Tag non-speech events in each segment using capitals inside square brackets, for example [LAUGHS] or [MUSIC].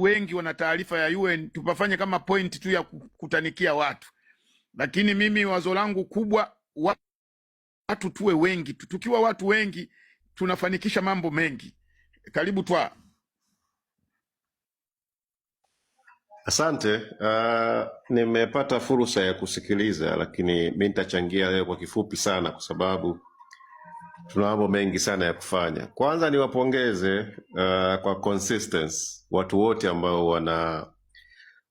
wengi wana taarifa ya UN, tupafanye kama point tu ya kukutanikia watu, lakini mimi wazo langu kubwa watu tuwe wengi. Tukiwa watu wengi tunafanikisha mambo mengi. Karibu twa Asante. Uh, nimepata fursa ya kusikiliza, lakini mi nitachangia leo kwa kifupi sana, kwa sababu tuna mambo mengi sana ya kufanya. Kwanza niwapongeze uh, kwa consistency watu wote ambao wana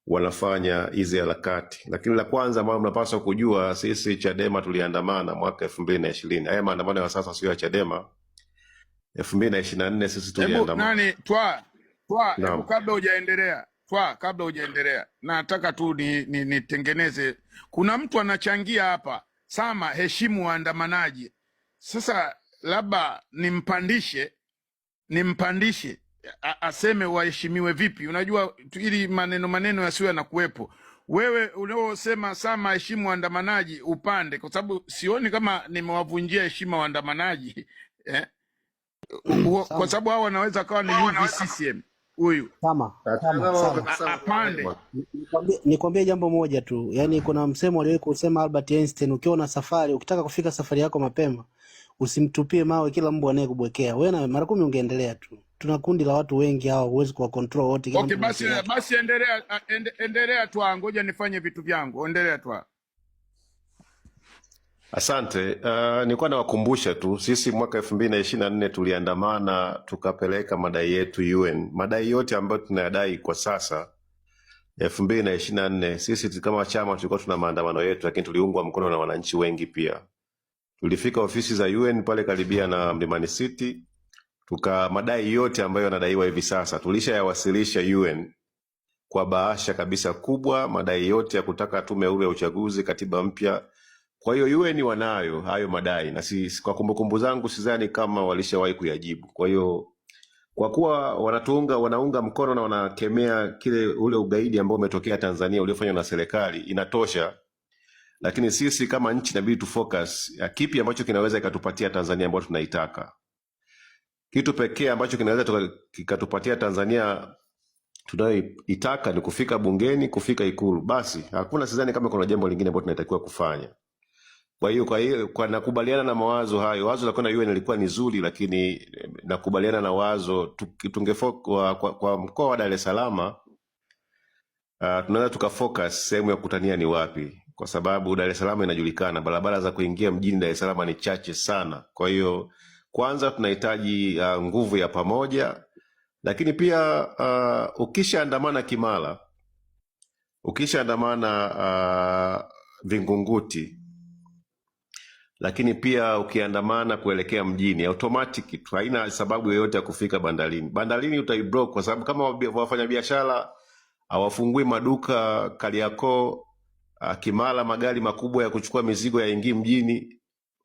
wanafanya hizi harakati, lakini la kwanza ambayo mnapaswa kujua, sisi Chadema tuliandamana mwaka elfu mbili na ishirini. Haya maandamano ya sasa sio ya Chadema. elfu mbili na ishirini na nne sisi tuliandamana. Twa, twa, hebu kabla hujaendelea twa, kabla hujaendelea, nataka tu nitengeneze ni, ni kuna mtu anachangia hapa, sama heshimu waandamanaji. Sasa labda nimpandishe nimpandishe aseme waheshimiwe vipi? Unajua, ili maneno maneno yasiwe yanakuwepo. Wewe unaosema Sama heshimu waandamanaji, upande, kwa sababu sioni kama nimewavunjia heshima waandamanaji [LAUGHS] eh? kwa sababu hao wanaweza kawa ni UVCCM huyu. nikwambie jambo moja tu, yani kuna msemo aliwahi kusema Albert Einstein, ukiwa na safari, ukitaka kufika safari yako mapema usimtupie mawe kila mbwa kubwekea wewe, na mara kumi ungeendelea tu. Tuna kundi la watu wengi hawa, huwezi kuwa control wote. Kila okay, basi basi, endelea ende, endelea tu, ah, ngoja nifanye vitu vyangu, endelea tu. Ah. Asante. Uh, nilikuwa nawakumbusha tu sisi mwaka elfu mbili na ishirini na nne tuliandamana tukapeleka madai yetu UN, madai yote ambayo tunayadai kwa sasa elfu mbili na ishirini na nne sisi kama chama tulikuwa tuna maandamano yetu, lakini tuliungwa mkono na wananchi wengi pia Tulifika ofisi za UN pale karibia na Mlimani City, tuka madai yote ambayo yanadaiwa hivi sasa tulishayawasilisha UN kwa bahasha kabisa kubwa, madai yote ya kutaka tume huru ya uchaguzi, katiba mpya. Kwa hiyo UN wanayo hayo madai, na si kwa kumbukumbu zangu sidhani kama walishawahi kuyajibu. Kwa hiyo kwa kuwa wanatuunga wanaunga mkono na wanakemea kile ule ugaidi ambao umetokea Tanzania uliofanywa na serikali, inatosha lakini sisi kama nchi inabidi tu ya kipi ambacho kinaweza ikatupatia Tanzania ambayo tunaitaka. Kitu pekee ambacho kinaweza kikatupatia Tanzania tunayoitaka ni kufika bungeni, kufika Ikulu. Basi hakuna, sidhani kama kuna jambo lingine ambalo tunatakiwa kufanya. Kwa hiyo kwa hiyo kwa nakubaliana na mawazo hayo, wazo la kwenda UN ilikuwa ni zuri, lakini eh, nakubaliana na wazo tungefo kwa, kwa, kwa mkoa wa Dar es Salaam uh, tunaweza tukafocus sehemu ya kutania ni wapi kwa sababu Dar es Salaam inajulikana, barabara za kuingia mjini Dar es Salaam ni chache sana. Kwa hiyo kwanza tunahitaji uh, nguvu ya pamoja, lakini pia uh, ukishaandamana Kimara, ukishaandamana uh, Vingunguti, lakini pia ukiandamana kuelekea mjini automatic tu, haina sababu yoyote ya kufika bandarini. Bandarini utaiblock kwa sababu kama wafanyabiashara hawafungui maduka Kariakoo Kimara magari makubwa ya kuchukua mizigo yaingii mjini,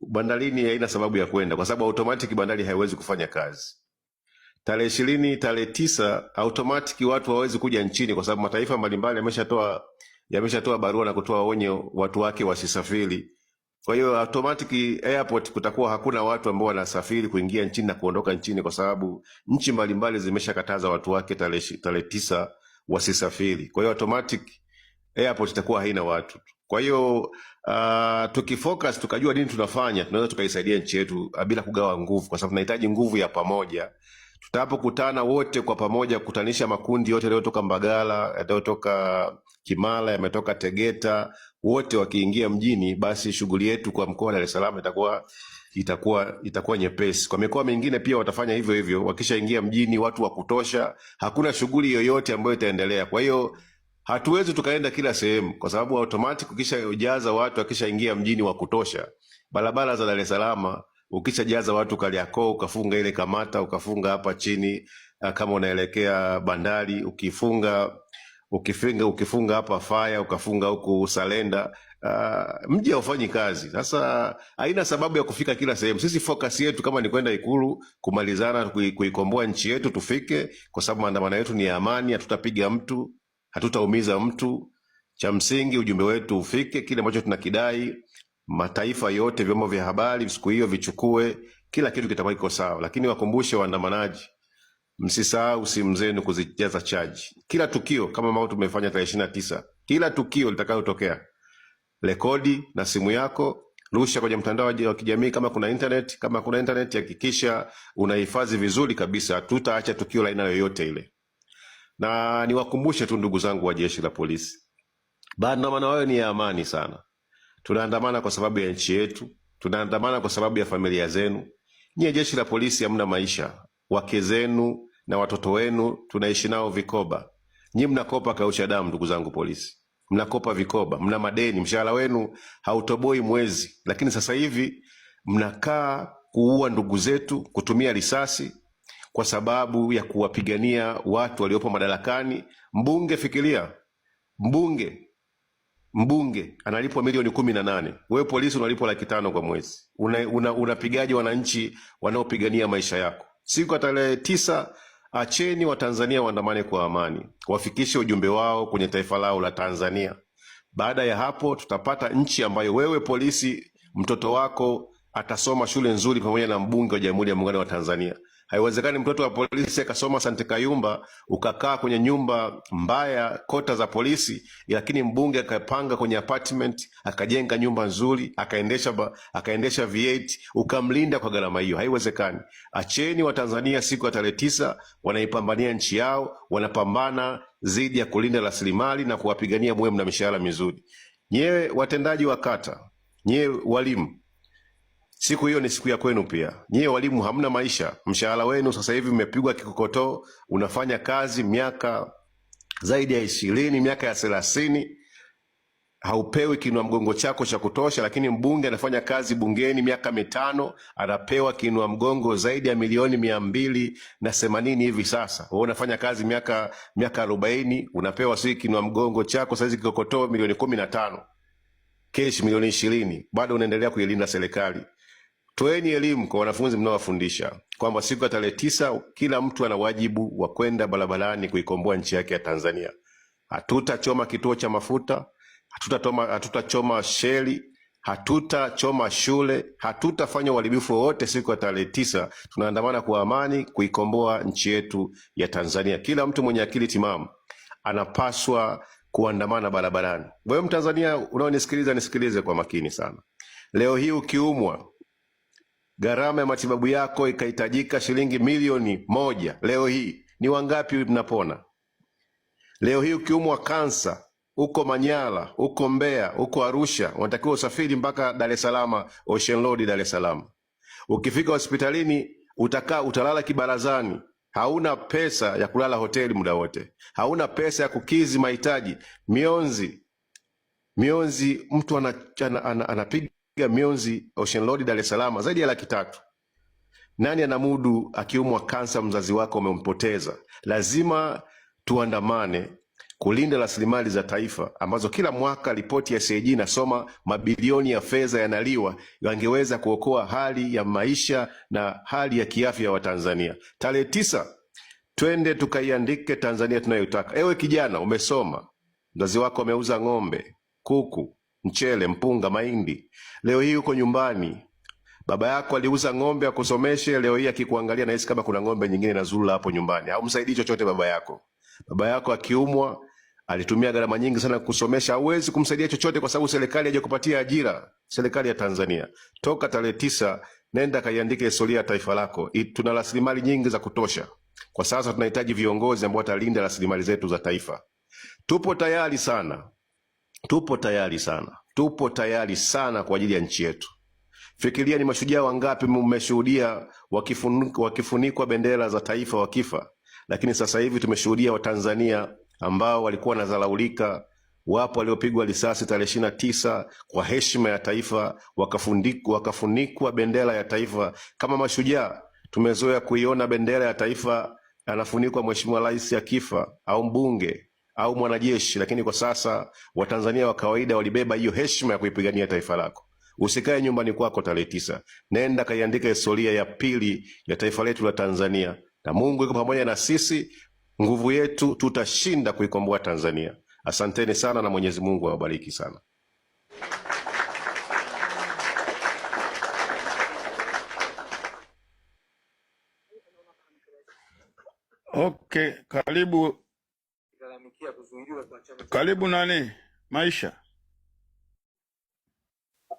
bandarini haina sababu ya kwenda, kwa sababu automatic bandari haiwezi kufanya kazi. Tarehe ishirini, tarehe tisa, automatic watu hawawezi kuja nchini, kwa sababu mataifa mbalimbali yameshatoa yameshatoa barua na kutoa onyo watu wake wasisafiri. Kwa hiyo automatic airport kutakuwa hakuna watu ambao wanasafiri kuingia nchini na kuondoka nchini, kwa sababu nchi mbalimbali zimeshakataza watu wake tarehe tisa wasisafiri. Kwa hiyo automatic airport itakuwa haina watu. Kwa hiyo uh, tukifocus tukajua nini tunafanya, tunaweza tukaisaidia nchi yetu ah, bila kugawa nguvu, kwa sababu tunahitaji nguvu ya pamoja. Tutapokutana wote kwa pamoja kukutanisha makundi yote yaliyotoka Mbagala, yaliyotoka Kimara, yametoka Tegeta, wote wakiingia mjini, basi shughuli yetu kwa mkoa wa Dar es Salaam itakuwa itakuwa itakuwa nyepesi. Kwa mikoa mingine pia watafanya hivyo hivyo, wakishaingia mjini watu wa kutosha, hakuna shughuli yoyote ambayo itaendelea. Kwa hiyo hatuwezi tukaenda kila sehemu, kwa sababu automatic ukishajaza watu, akishaingia mjini wa kutosha, barabara za Dar es Salaam ukishajaza watu Kariakoo, ukafunga ile Kamata, ukafunga hapa chini ah, kama unaelekea bandari, ukifunga ukifunga ukifunga hapa Faya, ukafunga huku Salenda, uh, mji haufanyi kazi. Sasa haina sababu ya kufika kila sehemu. Sisi focus yetu kama ni kwenda Ikulu kumalizana, kuikomboa nchi yetu, tufike, kwa sababu maandamano yetu ni ya amani, hatutapiga mtu hatutaumiza mtu. Cha msingi ujumbe wetu ufike. Kile ambacho tunakidai, mataifa yote, vyombo vya habari siku hiyo vichukue, kila kitu kitakuwa kiko sawa. Lakini wakumbushe waandamanaji, msisahau simu zenu kuzijaza chaji. Kila tukio kama ambavyo tumefanya tarehe ishirini na tisa, kila tukio litakayotokea, rekodi na simu yako rusha kwenye mtandao wa kijamii kama kuna internet. Kama kuna internet, hakikisha unahifadhi vizuri kabisa. Hatutaacha tukio la aina yoyote ile na niwakumbushe tu ndugu zangu wa jeshi la polisi, maandamano hayo ni ya amani sana. Tunaandamana kwa sababu ya nchi yetu, tunaandamana kwa sababu ya familia zenu. nyiye jeshi la polisi hamna maisha, wake zenu na watoto wenu tunaishi nao vikoba. nyi mnakopa kausha damu, ndugu zangu polisi, mnakopa vikoba, mna madeni, mshahara wenu hautoboi mwezi, lakini sasa hivi mnakaa kuua ndugu zetu, kutumia risasi kwa sababu ya kuwapigania watu waliopo madarakani. Mbunge, fikiria, mbunge mbunge analipwa milioni kumi na nane wewe polisi unalipwa laki tano kwa mwezi. Unapigaje una, una wananchi wanaopigania maisha yako? Siku ya tarehe tisa, acheni Watanzania waandamane kwa amani, wafikishe ujumbe wao kwenye taifa lao la Tanzania. Baada ya hapo tutapata nchi ambayo wewe polisi, mtoto wako atasoma shule nzuri pamoja na mbunge wa Jamhuri ya Muungano wa Tanzania. Haiwezekani mtoto wa polisi akasoma Sante Kayumba, ukakaa kwenye nyumba mbaya, kota za polisi, lakini mbunge akapanga kwenye apartment, akajenga nyumba nzuri, akaendesha akaendesha V8, ukamlinda kwa gharama hiyo. Haiwezekani. Acheni Watanzania siku ya tarehe tisa, wanaipambania nchi yao, wanapambana dhidi ya kulinda rasilimali na kuwapigania muwe na mishahara mizuri. Nyewe watendaji wa kata, nyewe walimu Siku hiyo ni siku ya kwenu pia. Nyiye walimu hamna maisha, mshahara wenu sasa hivi mmepigwa kikokotoo. Unafanya kazi miaka zaidi ya ishirini, miaka ya thelathini, haupewi kinua mgongo chako cha kutosha, lakini mbunge anafanya kazi bungeni miaka mitano, anapewa kinua mgongo zaidi ya milioni mia mbili na themanini hivi sasa. Wewe unafanya kazi miaka miaka arobaini, unapewa si kinua mgongo chako sahizi kikokotoo milioni kumi na tano, kesh milioni ishirini, bado unaendelea kuilinda serikali. Toeni elimu kwa wanafunzi mnaowafundisha kwamba siku ya tarehe tisa kila mtu ana wajibu wa kwenda barabarani kuikomboa nchi yake ya Tanzania. Hatutachoma kituo cha mafuta, hatutachoma hatuta sheli, hatutachoma shule, hatutafanya uharibifu wowote. Siku ya tarehe tisa tunaandamana kwa amani kuikomboa nchi yetu ya Tanzania. Kila mtu mwenye akili timamu anapaswa kuandamana barabarani. Wewe Mtanzania unaonisikiliza, nisikilize kwa makini sana. Leo hii ukiumwa gharama ya matibabu yako ikahitajika shilingi milioni moja, leo hii ni wangapi mnapona? Leo hii ukiumwa kansa uko Manyara, uko Mbeya, uko Arusha, unatakiwa usafiri mpaka Dar es Salaam, Ocean Road Dar es Salaam. Ukifika hospitalini utakaa, utalala kibarazani, hauna pesa ya kulala hoteli muda wote, hauna pesa ya kukizi mahitaji mionzi mionzi, mtu anapiga kupiga mionzi Ocean Road Dar es Salaam zaidi ya laki tatu. Nani anamudu akiumwa kansa, mzazi wako umempoteza? Lazima tuandamane kulinda rasilimali za taifa ambazo kila mwaka ripoti ya CAG inasoma mabilioni ya fedha yanaliwa, yangeweza kuokoa hali ya maisha na hali ya kiafya ya Watanzania. Tarehe tisa twende tukaiandike Tanzania tunayotaka Ewe kijana, umesoma, mzazi wako ameuza ng'ombe, kuku mchele, mpunga, mahindi. Leo hii uko nyumbani, baba yako aliuza ng'ombe akusomeshe. Leo hii akikuangalia, nahisi kama kuna ng'ombe nyingine inazurura hapo nyumbani. Haumsaidii chochote baba yako. Baba yako akiumwa, alitumia gharama nyingi sana kusomesha, hauwezi kumsaidia chochote kwa sababu serikali haijakupatia ajira. Serikali ya Tanzania toka tarehe tisa, nenda kaiandike historia ya taifa lako. Tuna rasilimali nyingi za kutosha. Kwa sasa tunahitaji viongozi ambao watalinda rasilimali zetu za taifa. Tupo tayari sana Tupo tayari sana, tupo tayari sana kwa ajili ya nchi yetu. Fikiria ni mashujaa wangapi mmeshuhudia wakifunikwa, wakifunikwa bendera za taifa wakifa, lakini sasa hivi tumeshuhudia Watanzania ambao walikuwa wanadharaulika. Wapo waliopigwa risasi tarehe ishirini na tisa kwa heshima ya taifa wakafunikwa, wakafunikwa bendera ya taifa kama mashujaa. Tumezoea kuiona bendera ya taifa anafunikwa mheshimiwa rais akifa au mbunge au mwanajeshi, lakini kwa sasa Watanzania wa kawaida walibeba hiyo heshima ya kuipigania taifa lako. Usikae nyumbani kwako tarehe tisa, nenda kaiandika historia ya pili ya taifa letu la Tanzania, na Mungu yuko pamoja na sisi. Nguvu yetu, tutashinda kuikomboa Tanzania. Asanteni sana na Mwenyezi Mungu awabariki sana. Okay, karibu karibu nani Maisha.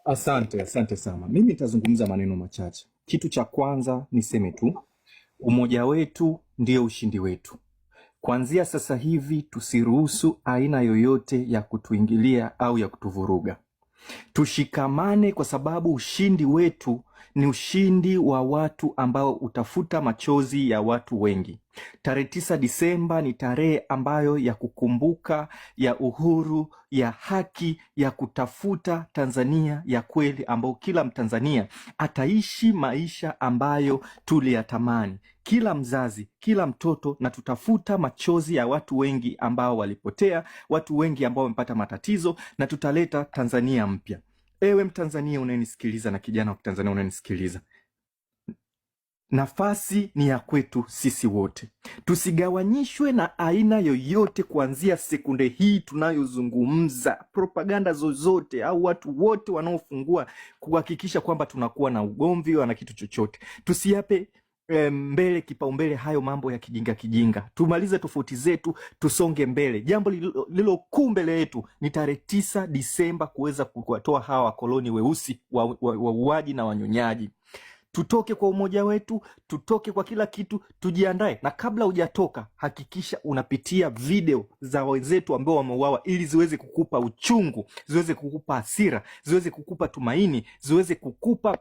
Asante, asante sana. Mimi nitazungumza maneno machache. Kitu cha kwanza niseme tu, umoja wetu ndio ushindi wetu. Kuanzia sasa hivi tusiruhusu aina yoyote ya kutuingilia au ya kutuvuruga. Tushikamane kwa sababu ushindi wetu ni ushindi wa watu ambao utafuta machozi ya watu wengi. Tarehe tisa Disemba ni tarehe ambayo ya kukumbuka ya uhuru, ya haki, ya kutafuta Tanzania ya kweli, ambao kila Mtanzania ataishi maisha ambayo tuliyatamani, kila mzazi, kila mtoto, na tutafuta machozi ya watu wengi ambao walipotea, watu wengi ambao wamepata matatizo, na tutaleta Tanzania mpya. Ewe Mtanzania unayenisikiliza na kijana wa Kitanzania unayenisikiliza, nafasi ni ya kwetu sisi wote, tusigawanyishwe na aina yoyote. Kuanzia sekunde hii tunayozungumza, propaganda zozote au watu wote wanaofungua kuhakikisha kwamba tunakuwa na ugomvi na kitu chochote, tusiape e, mbele kipaumbele hayo mambo ya kijinga kijinga, tumalize tofauti zetu, tusonge mbele. Jambo lilo kuu mbele yetu ni tarehe tisa Disemba kuweza kuwatoa hawa wakoloni weusi wauaji wa, wa na wanyonyaji. Tutoke kwa umoja wetu, tutoke kwa kila kitu, tujiandae. Na kabla hujatoka, hakikisha unapitia video za wenzetu ambao wameuawa, ili ziweze kukupa uchungu, ziweze kukupa hasira, ziweze kukupa tumaini, ziweze kukupa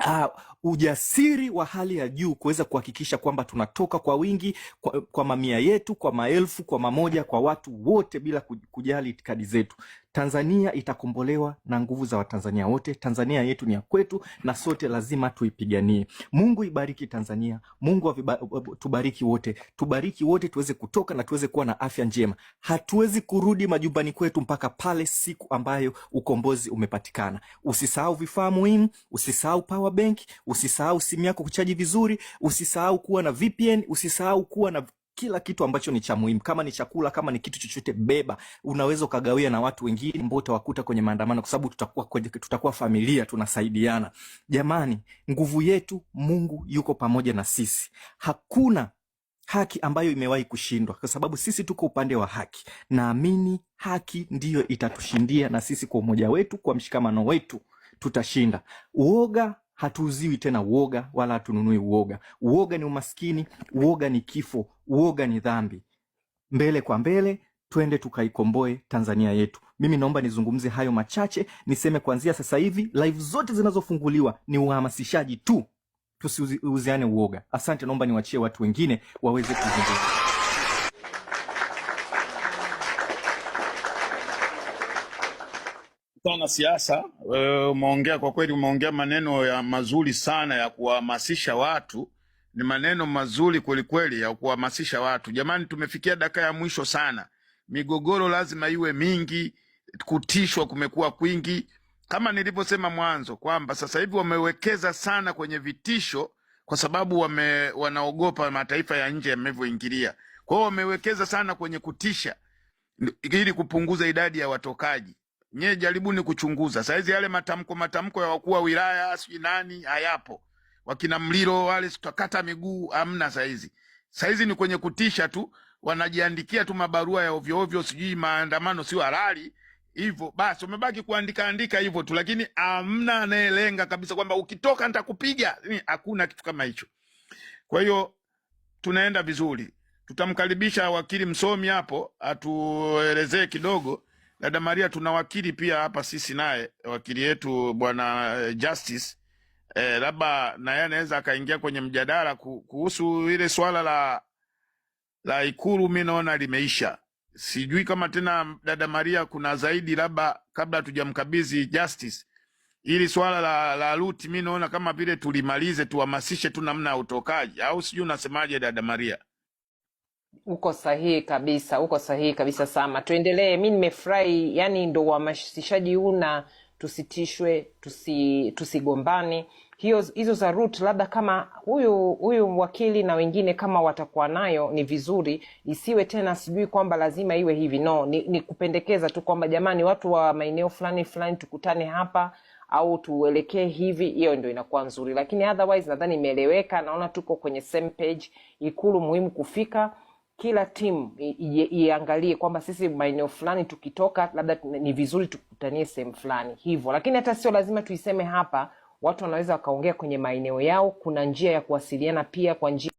Uh, ujasiri wa hali ya juu kuweza kuhakikisha kwamba tunatoka kwa wingi kwa, kwa mamia yetu, kwa maelfu, kwa mamoja, kwa watu wote bila kujali itikadi zetu. Tanzania itakombolewa na nguvu za Watanzania wote. Tanzania yetu ni ya kwetu na sote lazima tuipiganie. Mungu ibariki Tanzania, Mungu waviba, uh, uh, tubariki wote, tubariki wote tuweze kutoka na tuweze kuwa na afya njema. Hatuwezi kurudi majumbani kwetu mpaka pale siku ambayo ukombozi umepatikana. Usisahau vifaa muhimu, usisahau power bank, usisahau simu yako kuchaji vizuri, usisahau kuwa na VPN, usisahau kuwa na kila kitu ambacho ni cha muhimu, kama ni chakula, kama ni kitu chochote, beba. Unaweza ukagawia na watu wengine ambao utawakuta kwenye maandamano, kwa sababu tutakuwa, tutakuwa familia, tunasaidiana. Jamani, nguvu yetu, Mungu yuko pamoja na sisi. Hakuna haki ambayo imewahi kushindwa, kwa sababu sisi tuko upande wa haki. Naamini haki ndiyo itatushindia, na sisi kwa umoja wetu, kwa mshikamano wetu tutashinda uoga hatuuziwi tena uoga wala hatununui uoga. Uoga ni umaskini, uoga ni kifo, uoga ni dhambi. Mbele kwa mbele, twende tukaikomboe Tanzania yetu. Mimi naomba nizungumze hayo machache, niseme kuanzia sasa hivi live zote zinazofunguliwa ni uhamasishaji tu, tusiuziane uoga. Asante, naomba niwachie watu wengine waweze kuzungumza. sana siasa. Wewe umeongea kwa kweli, umeongea maneno ya mazuri sana ya kuwahamasisha watu, ni maneno mazuri kwelikweli ya kuhamasisha watu. Jamani, tumefikia dakika ya mwisho sana. Migogoro lazima iwe mingi, kutishwa kumekuwa kwingi, kama nilivyosema mwanzo kwamba sasa hivi wamewekeza sana kwenye vitisho kwa sababu wame, wanaogopa mataifa ya nje yamevyoingilia. kwao, wamewekeza sana kwenye kutisha ili kupunguza idadi ya watokaji. Nyie jaribuni kuchunguza saizi, yale matamko matamko ya wakuu wa wilaya sijui nani hayapo, wakina Mlilo wale tutakata miguu amna saizi. Saizi ni kwenye kutisha tu, wanajiandikia tu mabarua ya ovyo ovyo, sijui maandamano sio halali hivyo basi, umebaki kuandika andika hivyo tu, lakini amna anayelenga kabisa kwamba ukitoka nitakupiga. Hakuna kitu kama hicho. Kwa hiyo tunaenda vizuri, tutamkaribisha wakili msomi hapo atuelezee kidogo Dada Maria, tuna wakili pia hapa sisi naye wakili yetu bwana eh, Justice eh, labda naye anaweza akaingia kwenye mjadala kuhusu ile swala la la Ikulu. Mi naona limeisha, sijui kama tena dada Maria kuna zaidi, labda kabla hatujamkabidhi Justice ili swala la, la ruti mi naona kama vile tulimalize, tuhamasishe tu namna ya utokaji, au sijui unasemaje dada Maria? Uko sahihi kabisa, uko sahihi kabisa Sama, tuendelee. Mi nimefurahi, yani ndo uhamasishaji huu na tusitishwe, tusi, tusigombane hiyo hizo za root labda kama huyu huyu wakili na wengine kama watakuwa nayo ni vizuri, isiwe tena sijui kwamba lazima iwe hivi. No, ni, ni kupendekeza tu kwamba jamani, watu wa maeneo fulani fulani tukutane hapa au tuelekee hivi. Hiyo ndio inakuwa nzuri, lakini otherwise nadhani imeeleweka. Naona tuko kwenye same page. Ikulu muhimu kufika kila timu iangalie kwamba sisi maeneo fulani tukitoka, labda ni vizuri tukutanie sehemu fulani hivyo, lakini hata sio lazima tuiseme hapa. Watu wanaweza wakaongea kwenye maeneo yao. Kuna njia ya kuwasiliana pia kwa njia